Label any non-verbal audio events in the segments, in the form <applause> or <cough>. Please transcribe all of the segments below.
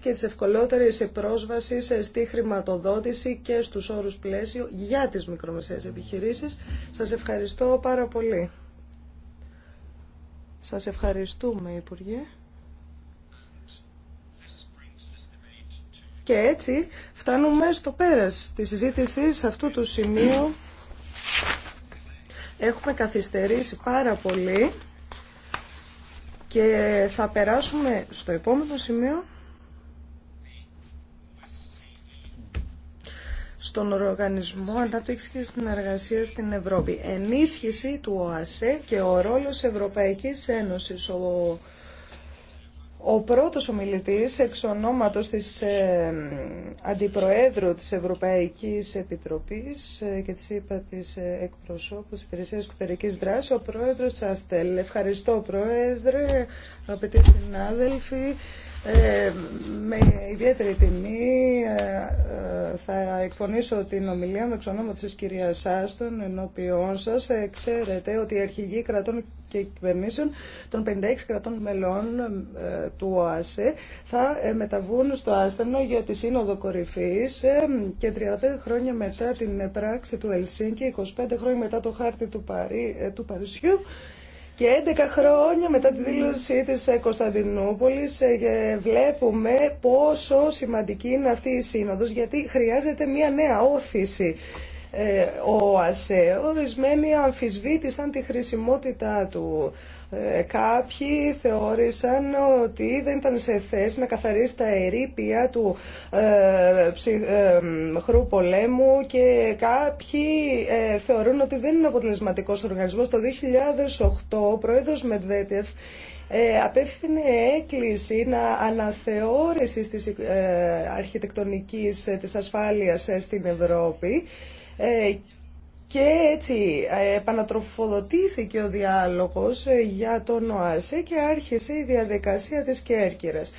και της ευκολότερης πρόσβασης στη χρηματοδότηση και στους όρους πλαίσιο για τις μικρομεσαίες επιχειρήσεις. Σας ευχαριστώ πάρα πολύ. Σας ευχαριστούμε, Υπουργέ. Και έτσι φτάνουμε στο πέρας της συζήτησης σε αυτού του σημείου. Έχουμε καθυστερήσει πάρα πολύ και θα περάσουμε στο επόμενο σημείο στον Οργανισμό Ανάπτυξη και Συνεργασία στην Ευρώπη. Ενίσχυση του ΟΑΣΕ και ο ρόλος Ευρωπαϊκής Ένωσης. Ο, ο πρώτος ομιλητής εξ ονόματος της ε, Αντιπροέδρου της Ευρωπαϊκής Επιτροπής ε, και της είπα της ε, εκπροσώπου Υπηρεσίας Εξωτερικής Δράσης, ο Πρόεδρος Τσαστέλ. Ευχαριστώ Πρόεδρε, αγαπητοί συνάδελφοι. Ε, με ιδιαίτερη τιμή ε, ε, θα εκφωνήσω την ομιλία με εξονόματος τη κυρίας Άστον ενώπιόν σας. Ε, ξέρετε ότι οι αρχηγοί κρατών και κυβερνήσεων των 56 κρατών μελών του ΟΑΣΕ θα μεταβούν στο Άστανο για τη Σύνοδο Κορυφής και 35 χρόνια μετά την πράξη του Ελσίνκη, 25 χρόνια μετά το χάρτη του, Παρι, του Παρισιού, και 11 χρόνια μετά τη δήλωσή της Κωνσταντινούπολης ε, βλέπουμε πόσο σημαντική είναι αυτή η σύνοδος γιατί χρειάζεται μια νέα όθηση. Ε, ο ΑΣΕ ορισμένοι αμφισβήτησαν τη χρησιμότητά του. Ε, κάποιοι θεώρησαν ότι δεν ήταν σε θέση να καθαρίσει τα ερήπια του ε, ε χρού πολέμου και κάποιοι ε, θεωρούν ότι δεν είναι αποτελεσματικός οργανισμός. Το 2008 ο πρόεδρος Μετβέτεφ απέφθινε έκκληση να αναθεώρηση της αρχιτεκτονικής της ασφάλειας στην Ευρώπη και έτσι ε, επανατροφοδοτήθηκε ο διάλογος ε, για τον ΟΑΣΕ και άρχισε η διαδικασία της Κέρκυρας.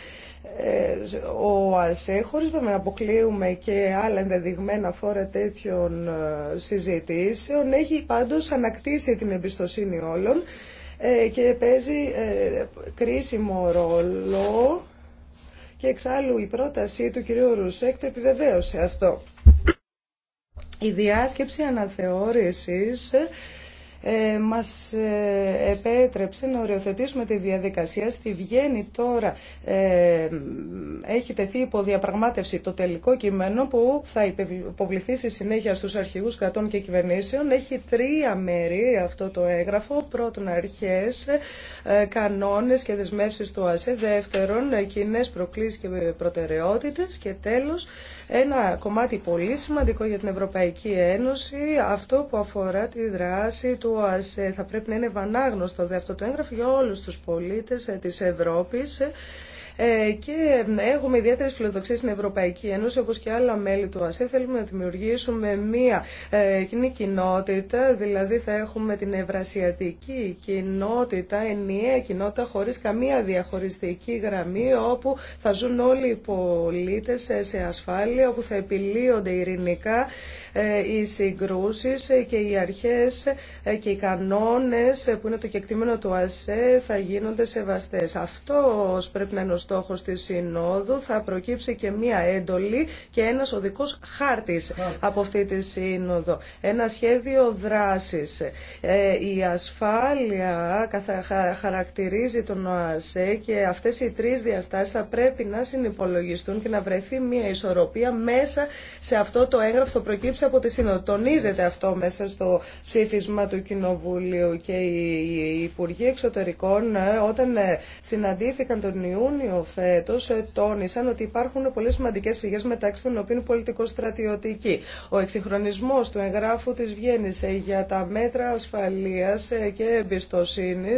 Ε, ο ΟΑΣΕ, χωρίς να αποκλείουμε και άλλα ενδεδειγμένα φόρα τέτοιων συζητήσεων, έχει πάντως ανακτήσει την εμπιστοσύνη όλων και παίζει κρίσιμο ρόλο και εξάλλου η πρόταση του κυρίου Ρουσέκ το επιβεβαίωσε αυτό. Η διάσκεψη αναθεώρησης ε, μας ε, επέτρεψε να οριοθετήσουμε τη διαδικασία. Στη Βιέννη τώρα ε, έχει τεθεί υποδιαπραγμάτευση το τελικό κείμενο που θα υποβληθεί στη συνέχεια στους αρχηγούς κρατών και κυβερνήσεων. Έχει τρία μέρη αυτό το έγγραφο. Πρώτον αρχές, ε, κανόνες και δεσμεύσεις του ΑΣΕ. Δεύτερον, κοινέ προκλήσεις και προτεραιότητες. Και τέλος, ένα κομμάτι πολύ σημαντικό για την Ευρωπαϊκή Ένωση, αυτό που αφορά τη δράση του ε, θα πρέπει να είναι βανάγνωστο δε αυτό το έγγραφο για όλους τους πολίτες ε, της Ευρώπης ε, ε, και έχουμε ιδιαίτερε φιλοδοξίε στην Ευρωπαϊκή Ένωση, όπω και άλλα μέλη του ΑΣΕ. Θέλουμε να δημιουργήσουμε μία ε, κοινή κοινότητα, δηλαδή θα έχουμε την ευρασιατική κοινότητα, ενιαία κοινότητα, χωρί καμία διαχωριστική γραμμή, όπου θα ζουν όλοι οι πολίτε σε ασφάλεια, όπου θα επιλύονται ειρηνικά ε, οι συγκρούσει και οι αρχέ και οι κανόνε που είναι το κεκτήμενο του ΑΣΕ θα γίνονται σεβαστέ. Αυτό πρέπει να στόχος της Συνόδου θα προκύψει και μία έντολη και ένας οδικός χάρτης από αυτή τη Σύνοδο. Ένα σχέδιο δράσης. Ε, η ασφάλεια χαρακτηρίζει τον ΟΑΣΕ και αυτές οι τρεις διαστάσεις θα πρέπει να συνυπολογιστούν και να βρεθεί μία ισορροπία μέσα σε αυτό το έγγραφο προκύψει από τη Σύνοδο. Τονίζεται αυτό μέσα στο ψήφισμα του Κοινοβουλίου και οι Υπουργοί Εξωτερικών ε, όταν ε, συναντήθηκαν τον Ιούνιο Ιούνιο ε, τόνισαν ότι υπάρχουν πολύ σημαντικέ πηγέ μεταξύ των οποίων πολιτικο-στρατιωτική. Ο εξυγχρονισμό του εγγράφου τη Βιέννη ε, για τα μέτρα ασφαλεία ε, και εμπιστοσύνη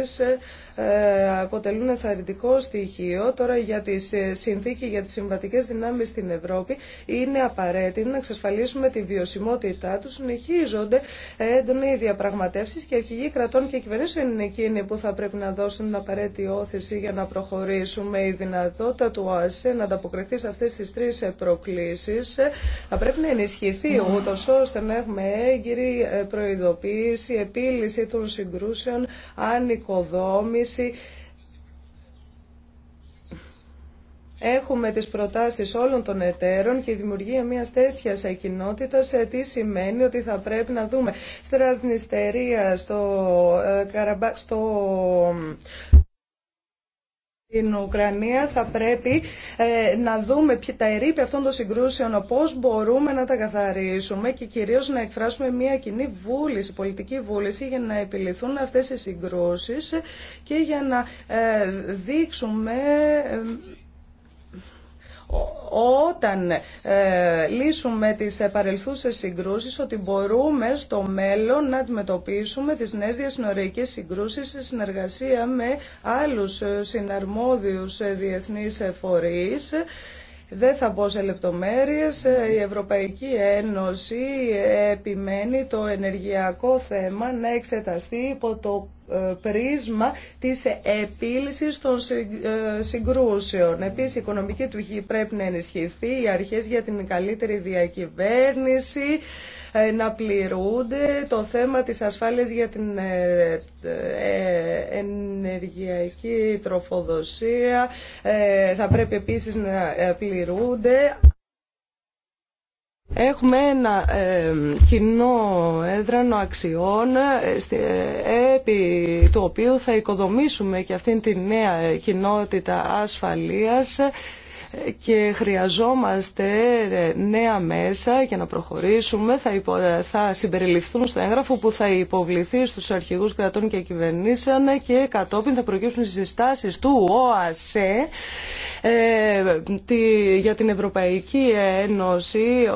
αποτελούν ενθαρρυντικό στοιχείο. Τώρα για τη συνθήκη για τι συμβατικέ δυνάμει στην Ευρώπη είναι απαραίτητο να εξασφαλίσουμε τη βιωσιμότητά του, Συνεχίζονται έντονε οι διαπραγματεύσει και αρχηγοί κρατών και κυβερνήσεων είναι εκείνοι που θα πρέπει να δώσουν την απαραίτητη όθηση για να προχωρήσουμε δυνατότητα του ΟΑΣΕ να ανταποκριθεί σε αυτές τις τρεις προκλήσεις θα πρέπει να ενισχυθεί ούτω ώστε να έχουμε έγκυρη ε, προειδοποίηση, επίλυση των συγκρούσεων, ανοικοδόμηση, Έχουμε τις προτάσεις όλων των εταίρων και η δημιουργία μιας τέτοιας κοινότητα ε, τι σημαίνει ότι θα πρέπει να δούμε στη στο, ε, στο στην Ουκρανία θα πρέπει ε, να δούμε τα ερήπια αυτών των συγκρούσεων, πώς μπορούμε να τα καθαρίσουμε και κυρίως να εκφράσουμε μια κοινή βούληση, πολιτική βούληση για να επιληθούν αυτές οι συγκρούσεις και για να ε, δείξουμε... Ε, όταν ε, λύσουμε τις παρελθούσες συγκρούσεις ότι μπορούμε στο μέλλον να αντιμετωπίσουμε τις νέες διασυνοριακές συγκρούσεις σε συνεργασία με άλλους ε, συναρμόδιους ε, διεθνείς φορείς. Δεν θα μπω σε λεπτομέρειες. Η Ευρωπαϊκή Ένωση επιμένει το ενεργειακό θέμα να εξεταστεί υπό το πρίσμα της επίλυσης των ε, συγκρούσεων. Επίσης, η οικονομική του πρέπει να ενισχυθεί, οι αρχές για την καλύτερη διακυβέρνηση ε, να πληρούνται, το θέμα της ασφάλειας για την ε, ενεργειακή τροφοδοσία θα πρέπει επίσης να πληρούνται. Έχουμε ένα ε, κοινό έδρανο αξιών ε, επί του οποίου θα οικοδομήσουμε και αυτήν τη νέα κοινότητα ασφαλείας και χρειαζόμαστε ε, νέα μέσα για να προχωρήσουμε. Θα, υπο... Ε, θα συμπεριληφθούν στο έγγραφο που θα υποβληθεί στους αρχηγούς κρατών και κυβερνήσεων και κατόπιν θα προκύψουν συστάσεις του ΟΑΣΕ ε, τη... για την Ευρωπαϊκή Ένωση.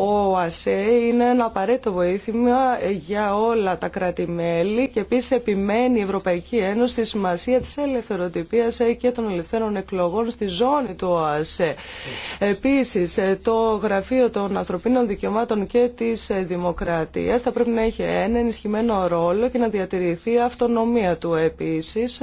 Ο ΑΣΕ είναι ένα απαραίτητο βοήθημα για όλα τα κράτη-μέλη και επίσης επιμένει η Ευρωπαϊκή Ένωση στη σημασία της ελευθεροτυπίας και των ελευθέρων εκλογών στη ζώνη του ΟΑΣΕ. Επίσης, το Γραφείο των Ανθρωπίνων Δικαιωμάτων και της Δημοκρατίας θα πρέπει να έχει ένα ενισχυμένο ρόλο και να διατηρηθεί η αυτονομία του επίσης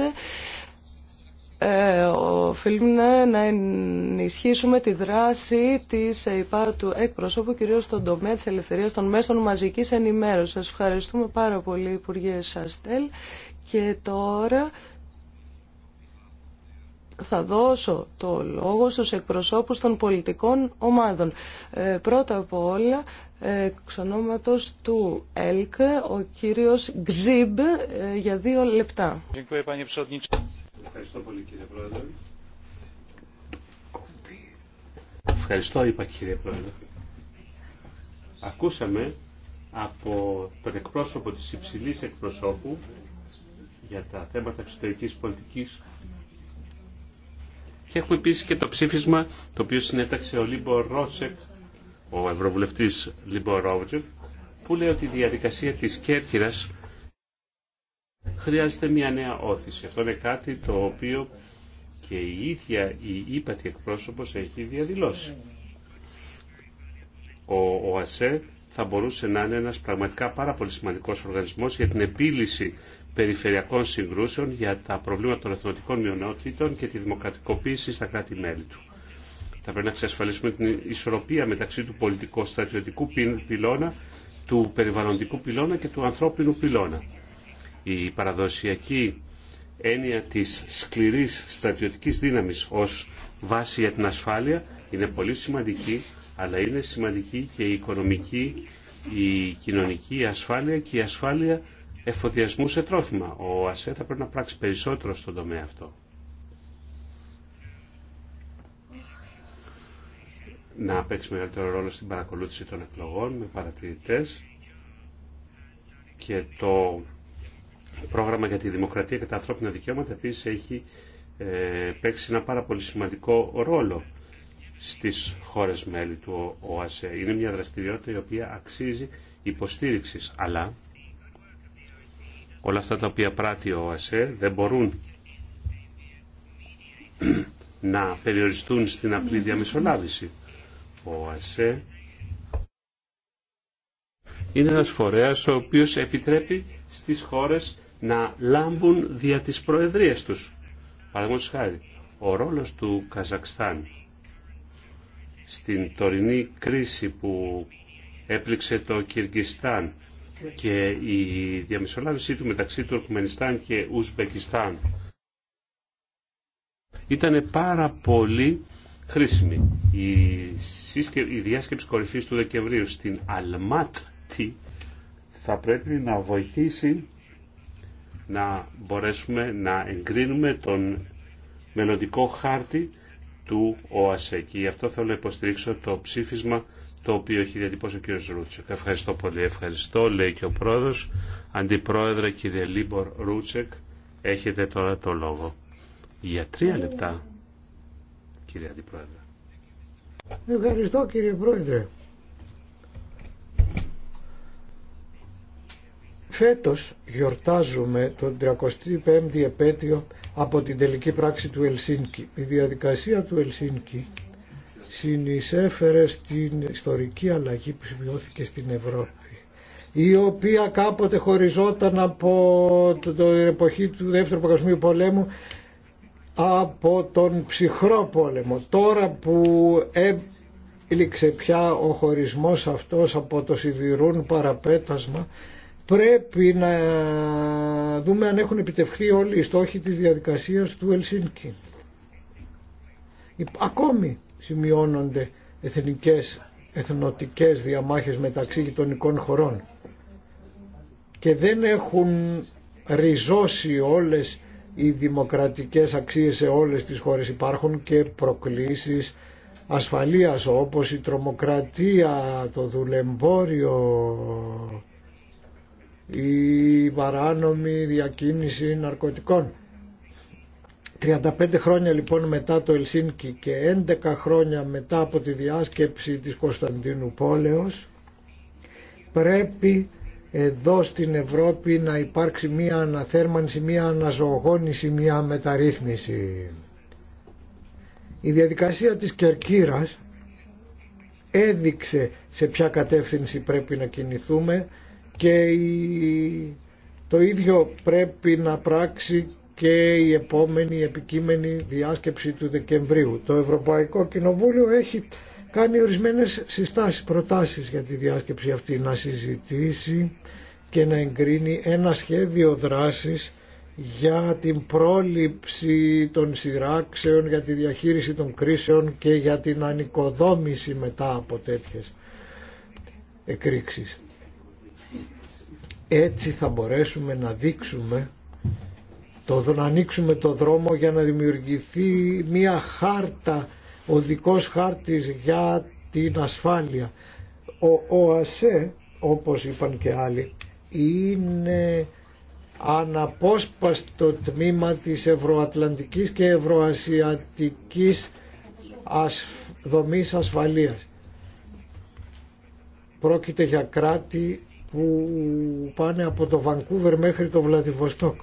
ε, οφείλουμε να ενισχύσουμε τη δράση της ΕΙΠΑ του εκπροσώπου κυρίως στον τομέα της ελευθερίας των μέσων μαζικής ενημέρωσης. Σας ευχαριστούμε πάρα πολύ Υπουργέ Σαστέλ και τώρα θα δώσω το λόγο στους εκπροσώπους των πολιτικών ομάδων. Ε, πρώτα απ' όλα, εξ του ΕΛΚ, ο κύριος Γκζίμπ ε, για δύο λεπτά. Ευχαριστώ πολύ κύριε Πρόεδρε. Ευχαριστώ είπα κύριε Πρόεδρε. Ακούσαμε από τον εκπρόσωπο της υψηλής εκπροσώπου για τα θέματα εξωτερικής πολιτικής και έχουμε επίσης και το ψήφισμα το οποίο συνέταξε ο Λίμπο Ρότσεκ, ο Ευρωβουλευτής Λίμπο Ρότσεκ, που λέει ότι η διαδικασία της Κέρκυρας χρειάζεται μια νέα όθηση. Αυτό είναι κάτι το οποίο και η ίδια η ύπατη εκπρόσωπος έχει διαδηλώσει. Ο ΟΑΣΕ θα μπορούσε να είναι ένας πραγματικά πάρα πολύ σημαντικός οργανισμός για την επίλυση περιφερειακών συγκρούσεων για τα προβλήματα των εθνοτικών μειονότητων και τη δημοκρατικοποίηση στα κράτη-μέλη του. Θα πρέπει να εξασφαλίσουμε την ισορροπία μεταξύ του πολιτικο-στρατιωτικού πυλώνα, του περιβαλλοντικού πυλώνα και του ανθρώπινου πυλώνα η παραδοσιακή έννοια της σκληρής στρατιωτικής δύναμης ως βάση για την ασφάλεια είναι πολύ σημαντική, αλλά είναι σημαντική και η οικονομική, η κοινωνική ασφάλεια και η ασφάλεια εφοδιασμού σε τρόφιμα. Ο ΑΣΕ θα πρέπει να πράξει περισσότερο στον τομέα αυτό. Να παίξει μεγαλύτερο ρόλο στην παρακολούθηση των εκλογών με παρατηρητές και το το πρόγραμμα για τη δημοκρατία και τα ανθρώπινα δικαιώματα επίσης έχει ε, παίξει ένα πάρα πολύ σημαντικό ρόλο στις χώρες μέλη του ΟΑΣΕ. Είναι μια δραστηριότητα η οποία αξίζει υποστήριξης, αλλά όλα αυτά τα οποία πράττει ο ΟΑΣΕ δεν μπορούν <clears throat> να περιοριστούν στην απλή διαμεσολάβηση. Ο ΟΑΣΕ είναι ένας φορέας ο οποίος επιτρέπει στις χώρες να λάμπουν δια της προεδρίας τους. Παραδείγματος χάρη, ο ρόλος του Καζακστάν στην τωρινή κρίση που έπληξε το Κυργιστάν και η διαμεσολάβησή του μεταξύ του Ορκμενιστάν και Ουσμπεκιστάν ήταν πάρα πολύ χρήσιμη. Η, διάσκεψη κορυφής του Δεκεμβρίου στην Αλμάτι θα πρέπει να βοηθήσει να μπορέσουμε να εγκρίνουμε τον μελλοντικό χάρτη του ΟΑΣΕ. Και γι' αυτό θέλω να υποστηρίξω το ψήφισμα το οποίο έχει διατυπώσει ο κ. Ρούτσεκ. Ευχαριστώ πολύ. Ευχαριστώ, λέει και ο πρόεδρος. Αντιπρόεδρε κ. Λίμπορ Ρούτσεκ, έχετε τώρα το λόγο. Για τρία λεπτά, κύριε Αντιπρόεδρε. Ευχαριστώ κ. Πρόεδρε. Φέτος γιορτάζουμε τον 35η επέτειο από την τελική πράξη του Ελσίνκη. Η διαδικασία του Ελσίνκη συνεισέφερε στην ιστορική αλλαγή που σημειώθηκε στην Ευρώπη η οποία κάποτε χωριζόταν από την εποχή του Δεύτερου Παγκοσμίου Πολέμου από τον ψυχρό πόλεμο. Τώρα που συμβιωθηκε στην ευρωπη η οποια καποτε χωριζοταν απο την εποχη του δευτερου παγκοσμιου πολεμου απο τον ψυχρο πολεμο τωρα που εληξε πια ο χωρισμός αυτός από το σιδηρούν παραπέτασμα πρέπει να δούμε αν έχουν επιτευχθεί όλοι οι στόχοι της διαδικασίας του Ελσίνκη. Ακόμη σημειώνονται εθνικές, εθνοτικές διαμάχες μεταξύ γειτονικών χωρών και δεν έχουν ριζώσει όλες οι δημοκρατικές αξίες σε όλες τις χώρες υπάρχουν και προκλήσεις ασφαλείας όπως η τρομοκρατία, το δουλεμπόριο η παράνομη διακίνηση ναρκωτικών. 35 χρόνια λοιπόν μετά το Ελσίνκι και 11 χρόνια μετά από τη διάσκεψη της Κωνσταντίνου Πόλεως πρέπει εδώ στην Ευρώπη να υπάρξει μία αναθέρμανση, μία αναζωογόνηση, μία μεταρρύθμιση. Η διαδικασία της Κερκύρας έδειξε σε ποια κατεύθυνση πρέπει να κινηθούμε και το ίδιο πρέπει να πράξει και η επόμενη επικείμενη διάσκεψη του Δεκεμβρίου. Το Ευρωπαϊκό Κοινοβούλιο έχει κάνει ορισμένες συστάσεις, προτάσεις για τη διάσκεψη αυτή να συζητήσει και να εγκρίνει ένα σχέδιο δράσης για την πρόληψη των σειράξεων, για τη διαχείριση των κρίσεων και για την ανοικοδόμηση μετά από τέτοιες εκρήξεις. Έτσι θα μπορέσουμε να δείξουμε το, να ανοίξουμε το δρόμο για να δημιουργηθεί μια χάρτα, οδικός χάρτης για την ασφάλεια. Ο ΟΑΣΕ, όπως είπαν και άλλοι, είναι αναπόσπαστο τμήμα της ευρωατλαντικής και ευρωασιατικής δομής ασφαλείας. Πρόκειται για κράτη που πάνε από το Βανκούβερ μέχρι το Βλαδιβοστόκ.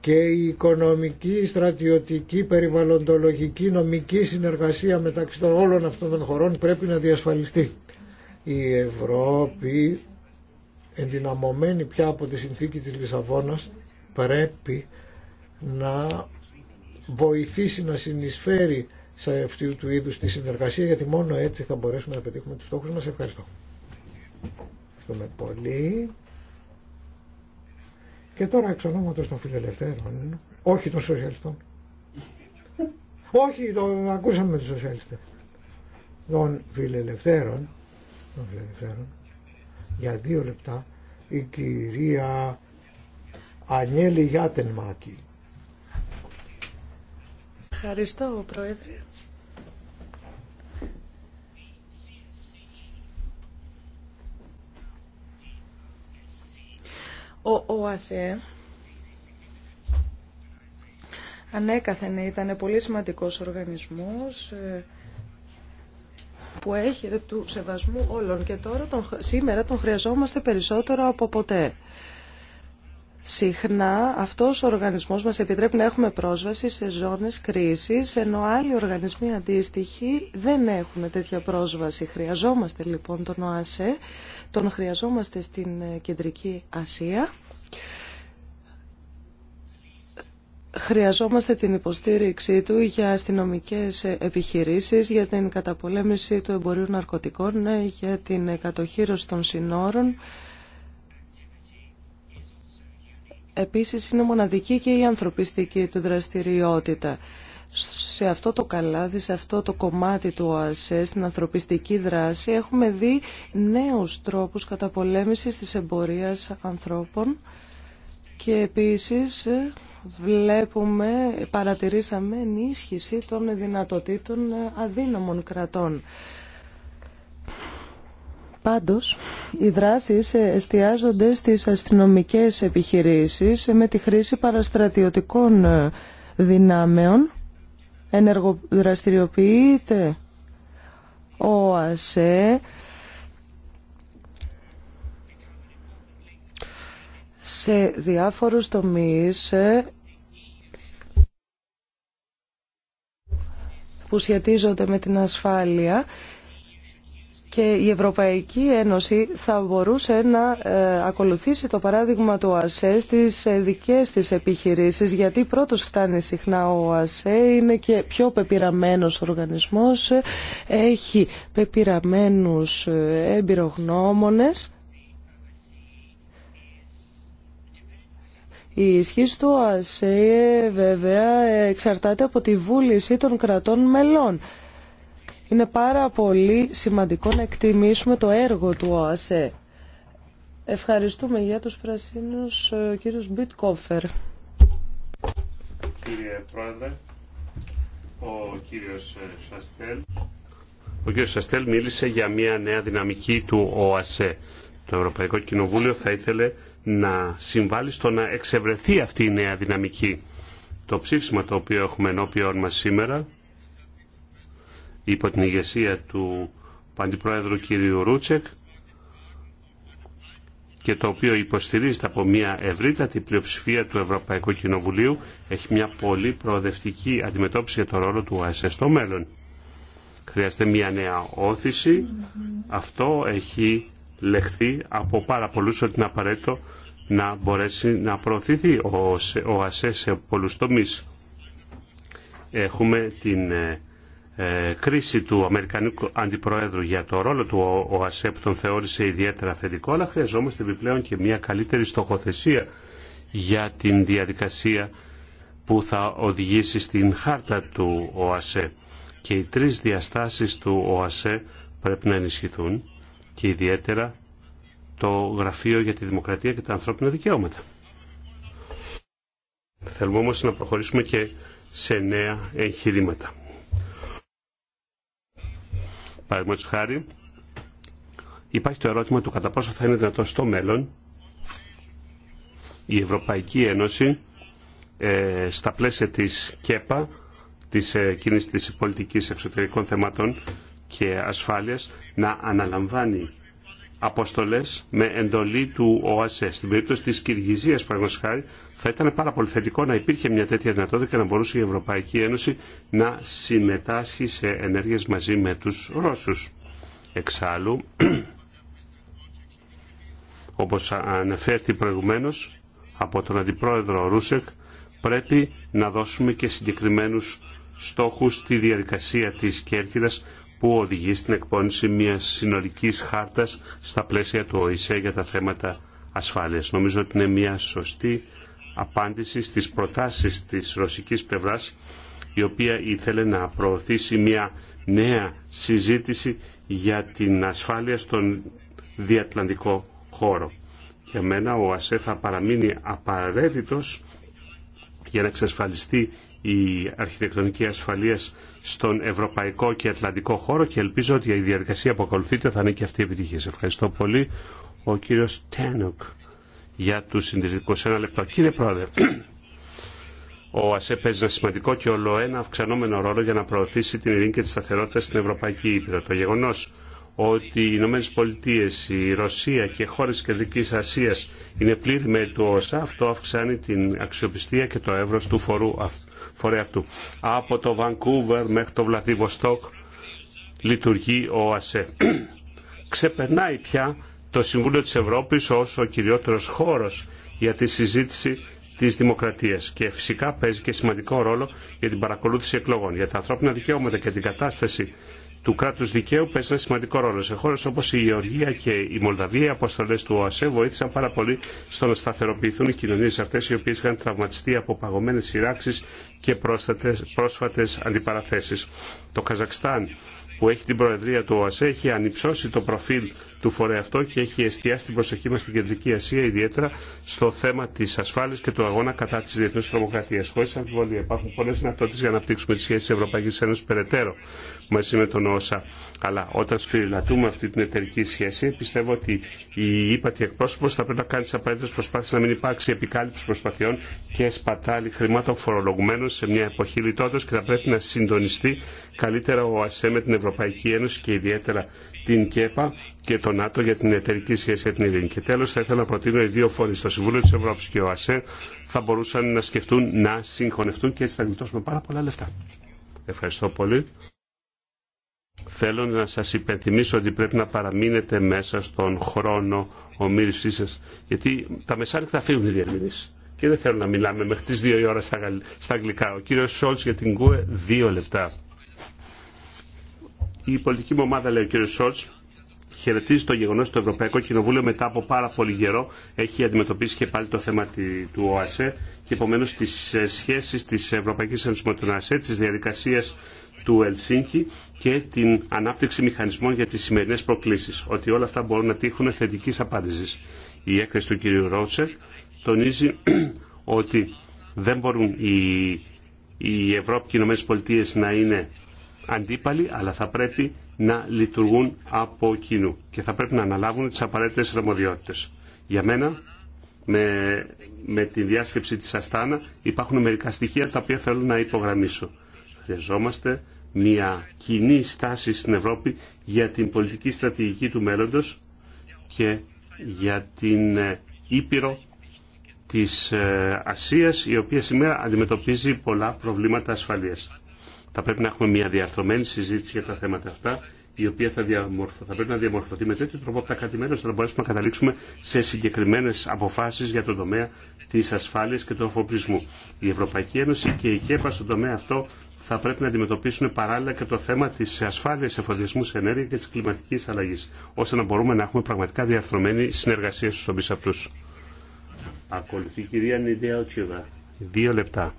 Και η οικονομική, στρατιωτική, περιβαλλοντολογική, νομική συνεργασία μεταξύ των όλων αυτών των χωρών πρέπει να διασφαλιστεί. Η Ευρώπη, ενδυναμωμένη πια από τη συνθήκη της Λισαβόνας, πρέπει να βοηθήσει να συνεισφέρει σε αυτού του είδους τη συνεργασία γιατί μόνο έτσι θα μπορέσουμε να πετύχουμε τους στόχους μας. Ευχαριστώ. Ευχαριστούμε πολύ. Και τώρα εξ ονόματος των φιλελευθέρων, όχι των σοσιαλιστών. όχι, το ακούσαμε με σοσιαλιστε. σοσιαλιστές. Των φιλελευθέρων, των φιλελευθέρων, για δύο λεπτά, η κυρία Ανιέλη Γιάτενμάκη. Ευχαριστώ, Πρόεδρε. Ο ΟΑΣΕ ανέκαθεν ήταν πολύ σημαντικός οργανισμός ε, που έχει ε, του σεβασμού όλων και τώρα τον, σήμερα τον χρειαζόμαστε περισσότερο από ποτέ. Συχνά αυτός ο οργανισμός μας επιτρέπει να έχουμε πρόσβαση σε ζώνες κρίσης, ενώ άλλοι οργανισμοί αντίστοιχοι δεν έχουν τέτοια πρόσβαση. Χρειαζόμαστε λοιπόν τον ΟΑΣΕ, τον χρειαζόμαστε στην Κεντρική Ασία. Χρειαζόμαστε την υποστήριξή του για αστυνομικές επιχειρήσεις, για την καταπολέμηση του εμπορίου ναρκωτικών, ναι, για την κατοχήρωση των συνόρων Επίσης είναι μοναδική και η ανθρωπιστική του δραστηριότητα. Σε αυτό το καλάδι, σε αυτό το κομμάτι του ΟΑΣΕ, στην ανθρωπιστική δράση, έχουμε δει νέους τρόπους καταπολέμησης της εμπορίας ανθρώπων και επίσης ε, βλέπουμε, παρατηρήσαμε ενίσχυση των δυνατοτήτων ε, αδύναμων κρατών. Πάντως, οι δράσεις εστιάζονται στις αστυνομικές επιχειρήσεις με τη χρήση παραστρατιωτικών ε, δυνάμεων. Ενεργοδραστηριοποιείται ο ΑΣΕ σε διάφορους τομείς ε, που σχετίζονται με την ασφάλεια και η Ευρωπαϊκή Ένωση θα μπορούσε να ε, ακολουθήσει το παράδειγμα του ΟΑΣΕ στις ε, δικές της επιχειρήσεις γιατί πρώτος φτάνει συχνά ο ΟΑΣΕ, είναι και πιο πεπειραμένος οργανισμός, έχει πεπειραμένους ε, εμπειρογνώμονες Η ισχύ του ΟΑΣΕ βέβαια εξαρτάται από τη βούληση των κρατών μελών. Είναι πάρα πολύ σημαντικό να εκτιμήσουμε το έργο του ΟΑΣΕ. Ευχαριστούμε για τους πρασίνους, ο κύριος Μπιτκόφερ. Κύριε Πρόεδρε, ο κύριος ε, Σαστέλ. Ο κύριος Σαστέλ μίλησε για μια νέα δυναμική του ΟΑΣΕ. Το Ευρωπαϊκό Κοινοβούλιο θα ήθελε να συμβάλλει στο να εξευρεθεί αυτή η νέα δυναμική. Το ψήφισμα το οποίο έχουμε ενώπιον μας σήμερα υπό την ηγεσία του παντιπρόεδρου κ. Ρούτσεκ και το οποίο υποστηρίζεται από μια ευρύτατη πλειοψηφία του Ευρωπαϊκού Κοινοβουλίου έχει μια πολύ προοδευτική αντιμετώπιση για το ρόλο του ΟΑΣΕ στο μέλλον. Χρειάζεται μια νέα όθηση. Αυτό έχει λεχθεί από πάρα πολλούς ότι είναι απαραίτητο να μπορέσει να προωθηθεί ο οασέ σε πολλούς τομείς. Έχουμε την ε, ε, κρίση του Αμερικανικού Αντιπροέδρου για το ρόλο του ΟΑΣΕ που τον θεώρησε ιδιαίτερα θετικό, αλλά χρειαζόμαστε επιπλέον και μια καλύτερη στοχοθεσία για την διαδικασία που θα οδηγήσει στην χάρτα του ΟΑΣΕ. Και οι τρεις διαστάσεις του ΟΑΣΕ πρέπει να ενισχυθούν και ιδιαίτερα το Γραφείο για τη Δημοκρατία και τα Ανθρώπινα Δικαιώματα. Θέλουμε όμως να προχωρήσουμε και σε νέα εγχειρήματα. Παραδείγματο χάρη, υπάρχει το ερώτημα του κατά πόσο θα είναι δυνατό στο μέλλον η Ευρωπαϊκή Ένωση ε, στα πλαίσια της ΚΕΠΑ, της ε, κίνησης της πολιτικής εξωτερικών θεμάτων και ασφάλειας, να αναλαμβάνει αποστολές με εντολή του ΟΑΣΕ. Στην περίπτωση της παραδείγματο χάρη, θα ήταν πάρα πολύ θετικό να υπήρχε μια τέτοια δυνατότητα και να μπορούσε η Ευρωπαϊκή Ένωση να συμμετάσχει σε ενέργειες μαζί με τους Ρώσου. Εξάλλου, <clears throat> όπως αναφέρθηκε προηγουμένως από τον Αντιπρόεδρο Ρούσεκ, πρέπει να δώσουμε και συγκεκριμένου στόχους στη διαδικασία της Κέρκυρας που οδηγεί στην εκπόνηση μια συνολικής χάρτας στα πλαίσια του ΟΗΣΕ για τα θέματα ασφάλειας. Νομίζω ότι είναι μια σωστή απάντηση στις προτάσεις της ρωσικής πλευρά, η οποία ήθελε να προωθήσει μια νέα συζήτηση για την ασφάλεια στον διατλαντικό χώρο. Για μένα ο ΑΣΕ θα παραμείνει απαραίτητος για να εξασφαλιστεί η αρχιτεκτονική ασφαλείας στον ευρωπαϊκό και ατλαντικό χώρο και ελπίζω ότι η διαδικασία που ακολουθείτε θα είναι και αυτή η επιτυχία. Σε ευχαριστώ πολύ ο κύριος Τένοκ για τους συντηρητικούς. Ένα λεπτό. Κύριε Πρόεδρε, ο ΑΣΕ παίζει ένα σημαντικό και ολοένα αυξανόμενο ρόλο για να προωθήσει την ειρήνη και τη σταθερότητα στην Ευρωπαϊκή Ήπειρο. Το γεγονός ότι οι Ηνωμένε Πολιτείε, η Ρωσία και χώρε Κεντρική Ασία είναι πλήρη μέλη του ΩΣΑ, αυτό αυξάνει την αξιοπιστία και το εύρο του φορού, φορέα αυτού. Από το Βανκούβερ μέχρι το Βλαδιβοστόκ λειτουργεί ο ΑΣΕ. <clears throat> Ξεπερνάει πια το Συμβούλιο της Ευρώπης ως ο κυριότερος χώρος για τη συζήτηση της δημοκρατίας και φυσικά παίζει και σημαντικό ρόλο για την παρακολούθηση εκλογών. Για τα ανθρώπινα δικαιώματα και την κατάσταση του κράτους δικαίου παίζαν σημαντικό ρόλο. Σε χώρε όπω η Γεωργία και η Μολδαβία, οι αποστολέ του ΟΑΣΕ βοήθησαν πάρα πολύ στο να σταθεροποιηθούν οι κοινωνίε αυτέ, οι οποίε είχαν τραυματιστεί από παγωμένε σειράξει και πρόσφατε αντιπαραθέσει Το Καζακστάν που έχει την Προεδρία του ΟΑΣΕ έχει ανυψώσει το προφίλ του φορέα αυτό και έχει εστιάσει την προσοχή μα στην Κεντρική Ασία, ιδιαίτερα στο θέμα τη ασφάλεια και του αγώνα κατά τη διεθνή τρομοκρατία. Χωρί αμφιβολία υπάρχουν πολλέ δυνατότητε για να αναπτύξουμε τι σχέσει τη Ευρωπαϊκή Ένωση περαιτέρω μαζί με τον ΟΑΣΑ. Αλλά όταν σφυριλατούμε αυτή την εταιρική σχέση, πιστεύω ότι η ύπατη εκπρόσωπο θα πρέπει να κάνει τι απαραίτητε προσπάθειε να μην υπάρξει επικάλυψη προσπαθειών και σπατάλη χρημάτων φορολογουμένων σε μια εποχή λιτότητας και θα πρέπει να συντονιστεί καλύτερα ο ΑΣΕ με την Ευρωπαϊκή Ένωση και ιδιαίτερα την ΚΕΠΑ και το ΝΑΤΟ για την εταιρική σχέση για την ειρήνη. Και τέλο, θα ήθελα να προτείνω οι δύο φορεί, το Συμβούλιο τη Ευρώπη και ο ΑΣΕ, θα μπορούσαν να σκεφτούν να συγχωνευτούν και έτσι θα γλιτώσουμε πάρα πολλά λεφτά. Ευχαριστώ πολύ. Θέλω να σα υπενθυμίσω ότι πρέπει να παραμείνετε μέσα στον χρόνο ομίλησής σα, γιατί τα μεσάρικτα θα φύγουν οι διερμηνείς. Και δεν θέλω να μιλάμε μέχρι τι 2 η ώρα στα αγγλικά. Ο κύριο Σόλτ για την ΚΟΕ 2 λεπτά. Η πολιτική μου ομάδα, λέει ο κ. Σόλτ, χαιρετίζει το γεγονό ότι το Ευρωπαϊκό Κοινοβούλιο μετά από πάρα πολύ καιρό έχει αντιμετωπίσει και πάλι το θέμα του ΟΑΣΕ και επομένω τι ε, σχέσει τη Ευρωπαϊκή Ένωση με τον ΟΑΣΕ, τη διαδικασία του Ελσίνκη και την ανάπτυξη μηχανισμών για τι σημερινέ προκλήσει. Ότι όλα αυτά μπορούν να τύχουν θετική απάντηση. Η έκθεση του κ. Ρότσερ τονίζει <clears throat> ότι δεν μπορούν οι, Ευρώπη και οι να είναι αντίπαλοι, αλλά θα πρέπει να λειτουργούν από κοινού και θα πρέπει να αναλάβουν τις απαραίτητες αρμοδιότητες. Για μένα, με, με τη διάσκεψη της Αστάνα, υπάρχουν μερικά στοιχεία τα οποία θέλω να υπογραμμίσω. Χρειαζόμαστε μια κοινή στάση στην Ευρώπη για την πολιτική στρατηγική του μέλλοντος και για την ε, Ήπειρο της ε, Ασίας, η οποία σήμερα αντιμετωπίζει πολλά προβλήματα ασφαλείας. Θα πρέπει να έχουμε μια διαρθρωμένη συζήτηση για τα θέματα αυτά, η οποία θα, διαμορφω... θα πρέπει να διαμορφωθεί με τέτοιο τρόπο από τα κρατημένα, ώστε να μπορέσουμε να καταλήξουμε σε συγκεκριμένε αποφάσει για τον τομέα τη ασφάλεια και του αφοπλισμού. Η Ευρωπαϊκή Ένωση και η ΚΕΠΑ στον τομέα αυτό θα πρέπει να αντιμετωπίσουν παράλληλα και το θέμα τη ασφάλεια εφοδιασμού σε ενέργεια και τη κλιματική αλλαγή, ώστε να μπορούμε να έχουμε πραγματικά διαρθρωμένη συνεργασία στου τομεί αυτού. Ακολουθεί κυρία Δύο λεπτά.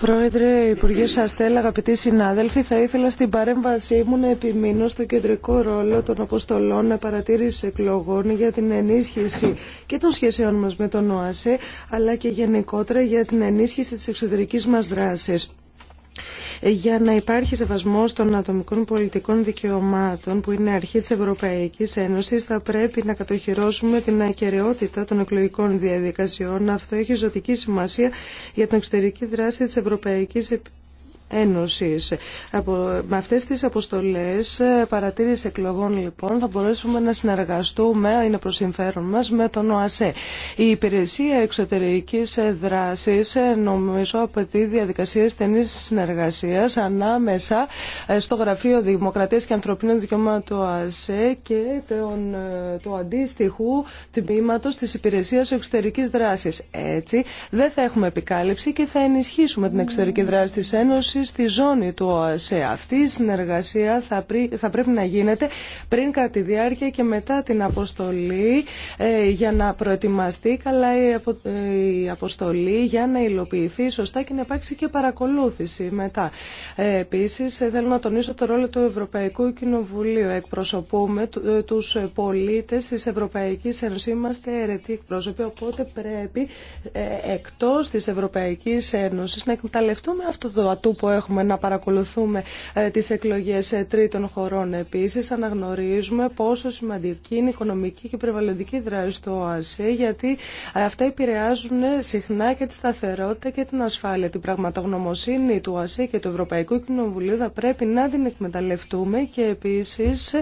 Πρόεδρε, Υπουργέ Σαστέλ, αγαπητοί συνάδελφοι, θα ήθελα στην παρέμβασή μου να επιμείνω στο κεντρικό ρόλο των αποστολών παρατήρηση εκλογών για την ενίσχυση και των σχέσεων μας με τον ΟΑΣΕ, αλλά και γενικότερα για την ενίσχυση τη εξωτερική μας δράση για να υπάρχει σεβασμός των ατομικών πολιτικών δικαιωμάτων που είναι αρχή της Ευρωπαϊκής Ένωσης θα πρέπει να κατοχυρώσουμε την ακαιρεότητα των εκλογικών διαδικασιών. Αυτό έχει ζωτική σημασία για την εξωτερική δράση της Ευρωπαϊκής Επιτροπής Ένωσης. Από, με αυτές τις αποστολές ε, παρατήρηση εκλογών λοιπόν θα μπορέσουμε να συνεργαστούμε, είναι προς συμφέρον μας, με τον ΟΑΣΕ. Η υπηρεσία εξωτερικής δράσης ε, νομίζω απαιτεί διαδικασία στενής συνεργασίας ανάμεσα ε, στο Γραφείο Δημοκρατίας και Ανθρωπίνων Δικαιωμάτων του ΟΑΣΕ και τον, του αντίστοιχου τμήματο της υπηρεσίας εξωτερικής δράσης. Έτσι δεν θα έχουμε επικάλυψη και θα ενισχύσουμε την εξωτερική δράση της Ένωσης στη ζώνη του ΟΑΣΕ. Αυτή η συνεργασία θα, θα πρέπει να γίνεται πριν κατά τη διάρκεια και μετά την αποστολή ε, για να προετοιμαστεί καλά η, ε, αποστολή για να υλοποιηθεί σωστά και να υπάρξει και παρακολούθηση μετά. Ε, επίσης ε, θέλω να τονίσω το ρόλο του Ευρωπαϊκού Κοινοβουλίου. Εκπροσωπούμε ε, τους πολίτες της Ευρωπαϊκής Ένωσης. Είμαστε αιρετοί εκπρόσωποι, οπότε πρέπει εκτός της Ευρωπαϊκής Ένωσης να εκμεταλλευτούμε αυτό το ατούπο έχουμε να παρακολουθούμε ε, τις εκλογές ε, τρίτων χωρών. Επίσης αναγνωρίζουμε πόσο σημαντική είναι η οικονομική και η περιβαλλοντική δράση του ΟΑΣΕ γιατί ε, αυτά επηρεάζουν συχνά και τη σταθερότητα και την ασφάλεια. Την πραγματογνωμοσύνη του ΟΑΣΕ και του Ευρωπαϊκού Κοινοβουλίου θα πρέπει να την εκμεταλλευτούμε και επίσης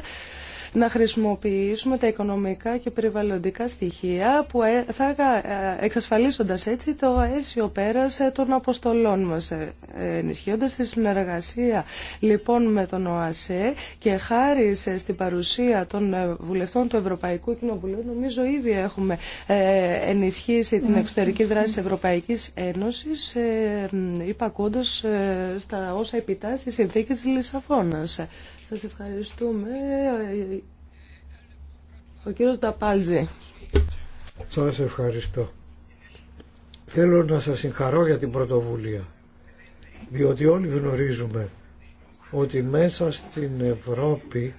να χρησιμοποιήσουμε τα οικονομικά και περιβαλλοντικά στοιχεία που ε, θα ε, εξασφαλίσοντας έτσι το αίσιο πέρας ε, των αποστολών μας. Ενισχύοντας τη συνεργασία λοιπόν με τον ΟΑΣΕ και χάρη στην παρουσία των βουλευτών του Ευρωπαϊκού Κοινοβουλίου νομίζω ήδη έχουμε ενισχύσει την ναι. εξωτερική δράση της Ευρωπαϊκής Ένωσης υπακούντας στα όσα επιτάσσει η συνθήκη της Λισαβόνας. Σας ευχαριστούμε. Ο κύριος Νταπάλζη. Σας ευχαριστώ. Θέλω να σας συγχαρώ για την πρωτοβουλία. Διότι όλοι γνωρίζουμε ότι μέσα στην Ευρώπη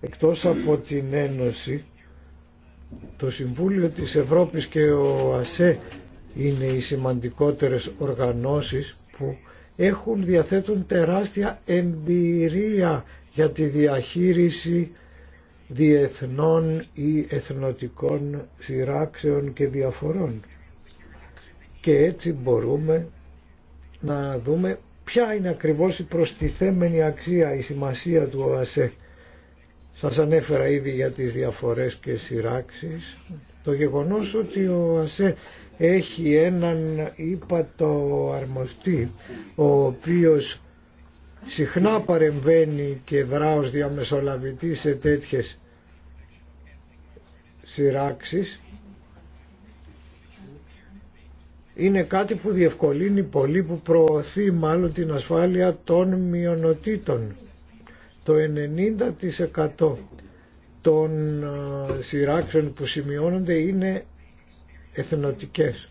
εκτός από την Ένωση το Συμβούλιο της Ευρώπης και ο ΑΣΕ είναι οι σημαντικότερες οργανώσεις που έχουν διαθέτουν τεράστια εμπειρία για τη διαχείριση διεθνών ή εθνοτικών σειράξεων και διαφορών. Και έτσι μπορούμε να δούμε ποια είναι ακριβώς η προστιθέμενη αξία, η σημασία του ΟΑΣΕ σας ανέφερα ήδη για τις διαφορές και σειράξεις. Το γεγονός ότι ο ΑΣΕ έχει έναν ύπατο αρμοστή, ο οποίος συχνά παρεμβαίνει και δρά διαμεσολαβητή σε τέτοιες σειράξεις, είναι κάτι που διευκολύνει πολύ, που προωθεί μάλλον την ασφάλεια των μειονοτήτων το 90% των σειράξεων που σημειώνονται είναι εθνοτικές.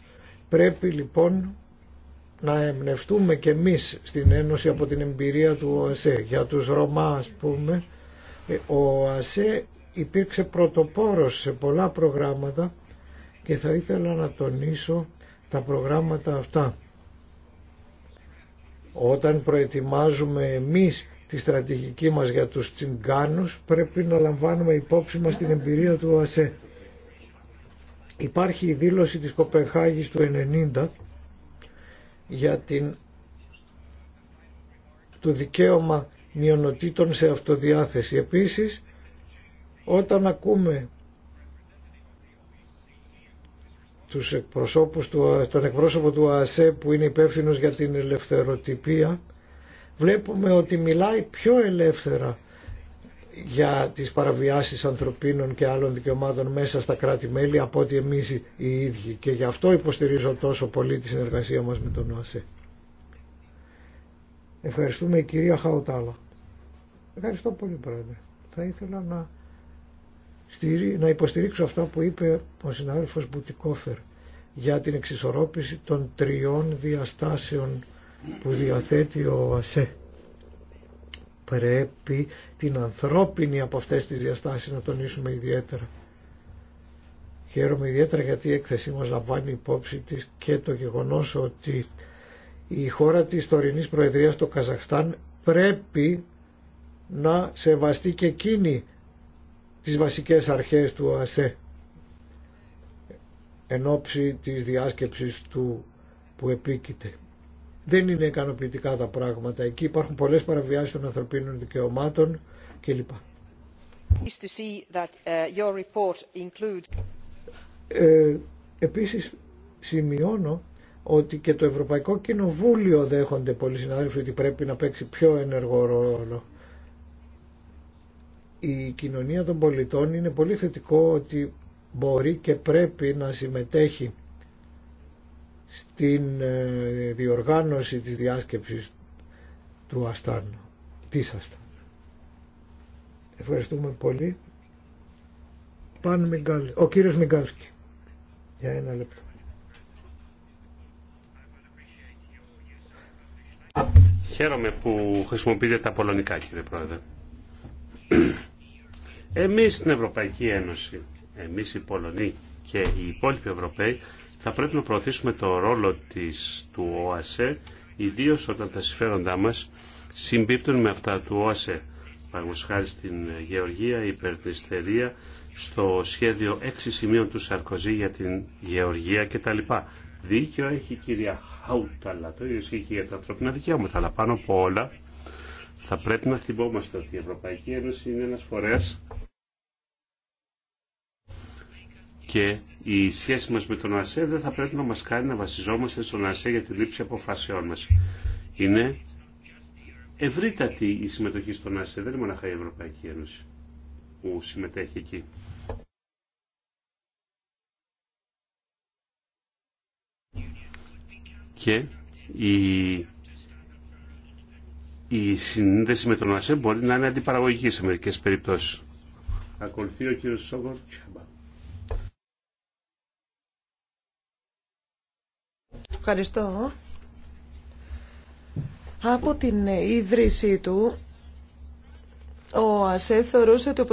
Πρέπει λοιπόν να εμπνευτούμε και εμείς στην Ένωση από την εμπειρία του ΟΑΣΕ. Για τους Ρωμά ας πούμε, ε, ο ΟΑΣΕ υπήρξε πρωτοπόρος σε πολλά προγράμματα και θα ήθελα να τονίσω τα προγράμματα αυτά. Όταν προετοιμάζουμε εμείς τη στρατηγική μας για τους τσιγκάνους πρέπει να λαμβάνουμε υπόψη μας την εμπειρία του ΟΑΣΕ. Υπάρχει η δήλωση της Κοπεχάγης του 1990 για την, το δικαίωμα μειονοτήτων σε αυτοδιάθεση. Επίσης, όταν ακούμε τους εκπροσώπους του, τον εκπρόσωπο του ΑΣΕ που είναι υπεύθυνο για την ελευθεροτυπία, βλέπουμε ότι μιλάει πιο ελεύθερα για τις παραβιάσεις ανθρωπίνων και άλλων δικαιωμάτων μέσα στα κράτη-μέλη από ότι εμείς οι ίδιοι και γι' αυτό υποστηρίζω τόσο πολύ τη συνεργασία μας με τον ΟΑΣΕ. Ευχαριστούμε η κυρία Χαουτάλα. Ευχαριστώ πολύ πρόεδρε. Θα ήθελα να, στηρί... να υποστηρίξω αυτά που είπε ο συνάδελφος Μπουτικόφερ για την εξισορρόπηση των τριών διαστάσεων που διαθέτει ο ΑΣΕ. Πρέπει την ανθρώπινη από αυτές τις διαστάσεις να τονίσουμε ιδιαίτερα. Χαίρομαι ιδιαίτερα γιατί η έκθεσή μας λαμβάνει υπόψη της και το γεγονός ότι η χώρα της τωρινής προεδρίας το Καζαχστάν πρέπει να σεβαστεί και εκείνη τις βασικές αρχές του ΑΣΕ, εν ώψη της διάσκεψης του που επίκειται. Δεν είναι ικανοποιητικά τα πράγματα. Εκεί υπάρχουν πολλές παραβιάσεις των ανθρωπίνων δικαιωμάτων κλπ. Uh, ε, επίσης σημειώνω ότι και το Ευρωπαϊκό Κοινοβούλιο δέχονται πολλοί συνάδελφοι ότι πρέπει να παίξει πιο ενεργό ρόλο. Η κοινωνία των πολιτών είναι πολύ θετικό ότι μπορεί και πρέπει να συμμετέχει στην ε, διοργάνωση της διάσκεψης του Αστάν, της Αστάν. Ευχαριστούμε πολύ. Μιγκάλ, ο κύριος Μιγκάλσκι. Για ένα λεπτό. Χαίρομαι που χρησιμοποιείτε τα πολωνικά κύριε Πρόεδρε. Εμείς στην Ευρωπαϊκή Ένωση, εμείς οι Πολωνοί και οι υπόλοιποι Ευρωπαίοι θα πρέπει να προωθήσουμε το ρόλο της, του ΟΑΣΕ, ιδίως όταν τα συμφέροντά μας συμπίπτουν με αυτά του ΟΑΣΕ. Παραγωγός χάρη στην Γεωργία, η υπερπληστερία, στο σχέδιο έξι σημείων του Σαρκοζή για την Γεωργία κτλ. Δίκιο έχει η κυρία Χάουταλα, το ίδιο ισχύει και για τα ανθρώπινα δικαιώματα, αλλά πάνω από όλα θα πρέπει να θυμόμαστε ότι η Ευρωπαϊκή Ένωση είναι ένας φορέας και η σχέση μας με τον ΟΑΣΕ δεν θα πρέπει να μας κάνει να βασιζόμαστε στον ΟΑΣΕ για τη λήψη αποφάσεών μας. Είναι ευρύτατη η συμμετοχή στον ΟΑΣΕ, δεν είναι μοναχα η Ευρωπαϊκή Ένωση που συμμετέχει εκεί. Και η, η συνδέση με τον ΟΑΣΕ μπορεί να είναι αντιπαραγωγική σε μερικές περιπτώσεις. Ακολουθεί ο κύριος Σόγκορτ. Ευχαριστώ. Από την ίδρυσή του, ο ΑΣΕ θεωρούσε ότι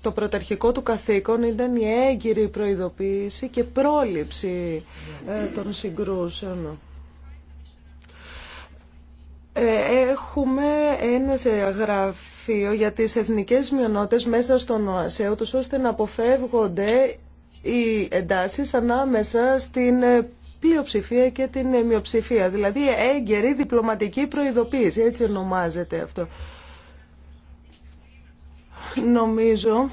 το πρωταρχικό του καθήκον ήταν η έγκυρη προειδοποίηση και πρόληψη ε, των συγκρούσεων. Ε, έχουμε ένα γραφείο για τις εθνικές μειονότητες μέσα στον ΟΑΣΕ, ώστε να αποφεύγονται οι εντάσεις ανάμεσα στην ε, πλειοψηφία και την μειοψηφία. Δηλαδή έγκαιρη διπλωματική προειδοποίηση, έτσι ονομάζεται αυτό. Νομίζω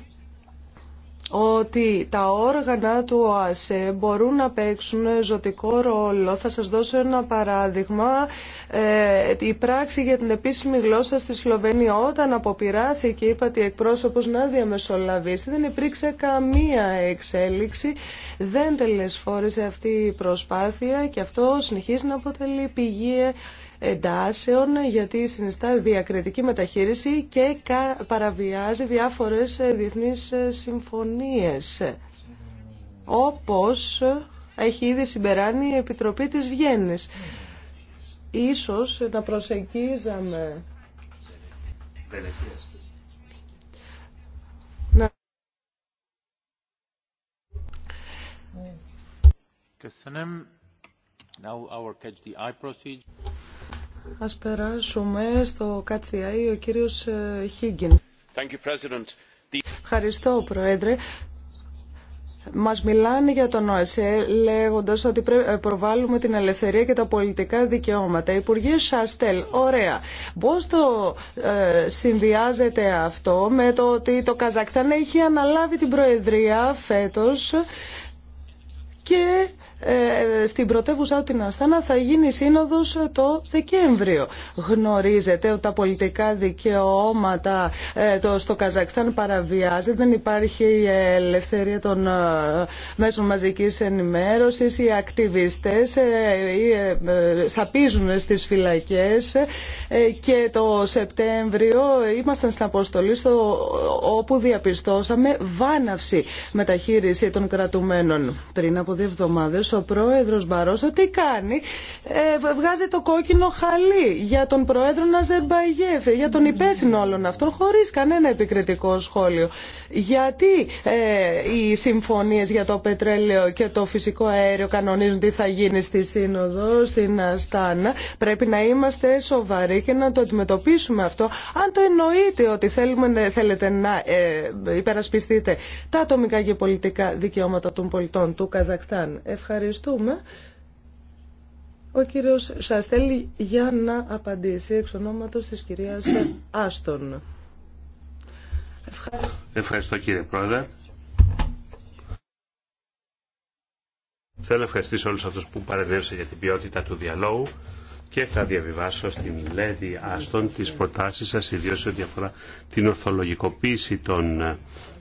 ότι τα όργανα του ΟΑΣΕ μπορούν να παίξουν ζωτικό ρόλο. Θα σας δώσω ένα παράδειγμα. Ε, η πράξη για την επίσημη γλώσσα στη Σλοβενία όταν αποπειράθηκε, είπα ότι εκπρόσωπος να διαμεσολαβήσει, δεν υπήρξε καμία εξέλιξη. Δεν τελεσφόρησε αυτή η προσπάθεια και αυτό συνεχίζει να αποτελεί πηγή εντάσεων γιατί συνιστά διακριτική μεταχείριση και παραβιάζει διάφορες ε, διεθνείς ε, συμφωνίες όπως έχει ήδη συμπεράνει η Επιτροπή της Βιέννης. Ίσως να προσεγγίζαμε Now Ας περάσουμε στο ΚΑΤΣΙΑΗ, ο κύριος Χίγκιν. Ε, Ευχαριστώ, Πρόεδρε. Μας μιλάνε για τον ΟΑΣΕ λέγοντας ότι ε, προβάλλουμε την ελευθερία και τα πολιτικά δικαιώματα. Υπουργείο Σαστέλ, ωραία. Πώς το ε, συνδυάζεται αυτό με το ότι το Καζακστάν έχει αναλάβει την Προεδρία φέτος και ε, στην πρωτεύουσα την Αστάνα θα γίνει σύνοδος το Δεκέμβριο. Γνωρίζετε ότι τα πολιτικά δικαιώματα ε, το, στο Καζακστάν παραβιάζει. δεν υπάρχει η ελευθερία των ε, μέσων μαζικής ενημέρωσης, οι ακτιβιστές σαπίζουν στις φυλακές και το Σεπτέμβριο ήμασταν στην αποστολή στο, όπου διαπιστώσαμε βάναυση μεταχείριση των κρατουμένων. Πριν από δύο εβδομάδες ο πρόεδρος Μπαρόσα τι κάνει. Ε, βγάζει το κόκκινο χαλί για τον πρόεδρο Ναζερμπαϊγέφ για τον υπεύθυνο όλων αυτών, χωρίς κανένα επικριτικό σχόλιο. Γιατί ε, οι συμφωνίες για το πετρέλαιο και το φυσικό αέριο κανονίζουν τι θα γίνει στη Σύνοδο, στην Αστάνα. Πρέπει να είμαστε σοβαροί και να το αντιμετωπίσουμε αυτό. Αν το εννοείτε ότι θέλετε να ε, υπερασπιστείτε τα ατομικά και πολιτικά δικαιώματα των πολιτών του Καζακστάν ευχαριστούμε. Ο κύριος θέλει για να απαντήσει εξ ονόματος της κυρίας Άστον. Ευχαριστώ. κύριε Πρόεδρε. Θέλω να ευχαριστήσω όλους αυτούς που παρεδέρωσαν για την ποιότητα του διαλόγου και θα διαβιβάσω στην Λέδη Άστον τις προτάσεις σας, ιδίως ό,τι αφορά την ορθολογικοποίηση των ε,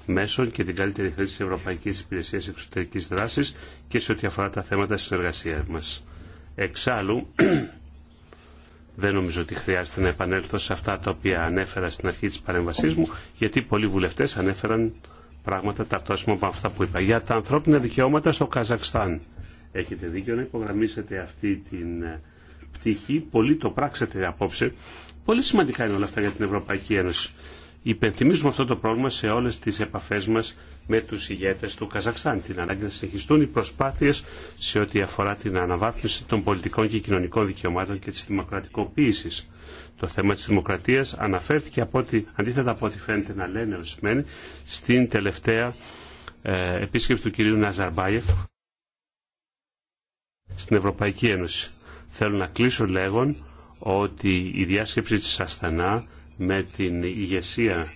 μέσων και την καλύτερη χρήση της Ευρωπαϊκής Υπηρεσίας Εξωτερικής Δράσης και σε ό,τι αφορά τα θέματα συνεργασίας μας. Εξάλλου, <clears throat> δεν νομίζω ότι χρειάζεται να επανέλθω σε αυτά τα οποία ανέφερα στην αρχή της παρέμβασής μου, γιατί πολλοί βουλευτές ανέφεραν πράγματα ταυτόσιμα από αυτά που είπα. Για τα ανθρώπινα δικαιώματα στο Καζακστάν. Έχετε δίκιο να υπογραμμίσετε αυτή την ε, πτυχή. Πολύ το πράξατε απόψε. Πολύ σημαντικά είναι όλα αυτά για την Ευρωπαϊκή Ένωση υπενθυμίζουμε αυτό το πρόβλημα σε όλες τις επαφές μας με τους ηγέτες του Καζακστάν. Την ανάγκη να συνεχιστούν οι προσπάθειες σε ό,τι αφορά την αναβάθμιση των πολιτικών και κοινωνικών δικαιωμάτων και της δημοκρατικοποίησης. Το θέμα της δημοκρατίας αναφέρθηκε από ότι, αντίθετα από ό,τι φαίνεται να λένε ορισμένοι στην τελευταία ε, επίσκεψη του κυρίου Ναζαρμπάιεφ στην Ευρωπαϊκή Ένωση. Θέλω να κλείσω λέγον ότι η διάσκεψη της Αστανά με την ηγεσία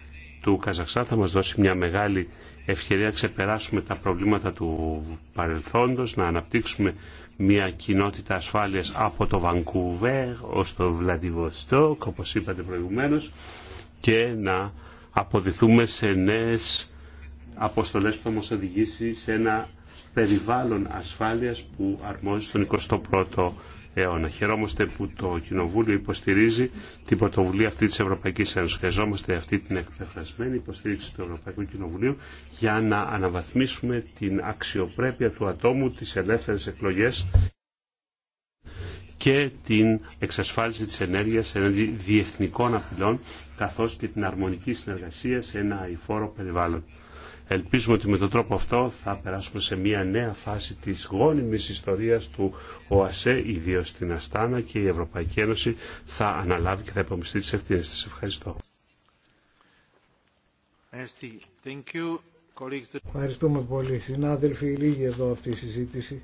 του Καζαχστάν θα μας δώσει μια μεγάλη ευκαιρία να ξεπεράσουμε τα προβλήματα του παρελθόντος, να αναπτύξουμε μια κοινότητα ασφάλειας από το Βανκούβερ ως το Βλαντιβοστόκ, όπως είπατε προηγουμένως, και να αποδηθούμε σε νέες αποστολές που θα μας οδηγήσει σε ένα περιβάλλον ασφάλειας που αρμόζει στον 21ο αιώνα. Χαιρόμαστε που το Κοινοβούλιο υποστηρίζει την πρωτοβουλία αυτή τη Ευρωπαϊκή Ένωση. Χρειαζόμαστε αυτή την εκπεφρασμένη υποστήριξη του Ευρωπαϊκού Κοινοβουλίου για να αναβαθμίσουμε την αξιοπρέπεια του ατόμου, τι ελεύθερε εκλογέ και την εξασφάλιση της ενέργειας σε διεθνικών απειλών καθώς και την αρμονική συνεργασία σε ένα αηφόρο περιβάλλον. Ελπίζουμε ότι με τον τρόπο αυτό θα περάσουμε σε μια νέα φάση της γόνιμης ιστορίας του ΟΑΣΕ, ιδίω στην Αστάνα και η Ευρωπαϊκή Ένωση θα αναλάβει και θα υπομειστεί τις ευθύνες της. Ευχαριστώ. Ευχαριστούμε πολύ. Συνάδελφοι, λίγη εδώ αυτή η συζήτηση.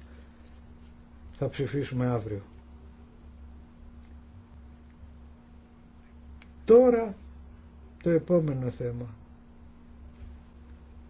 Θα ψηφίσουμε αύριο. Τώρα το επόμενο θέμα.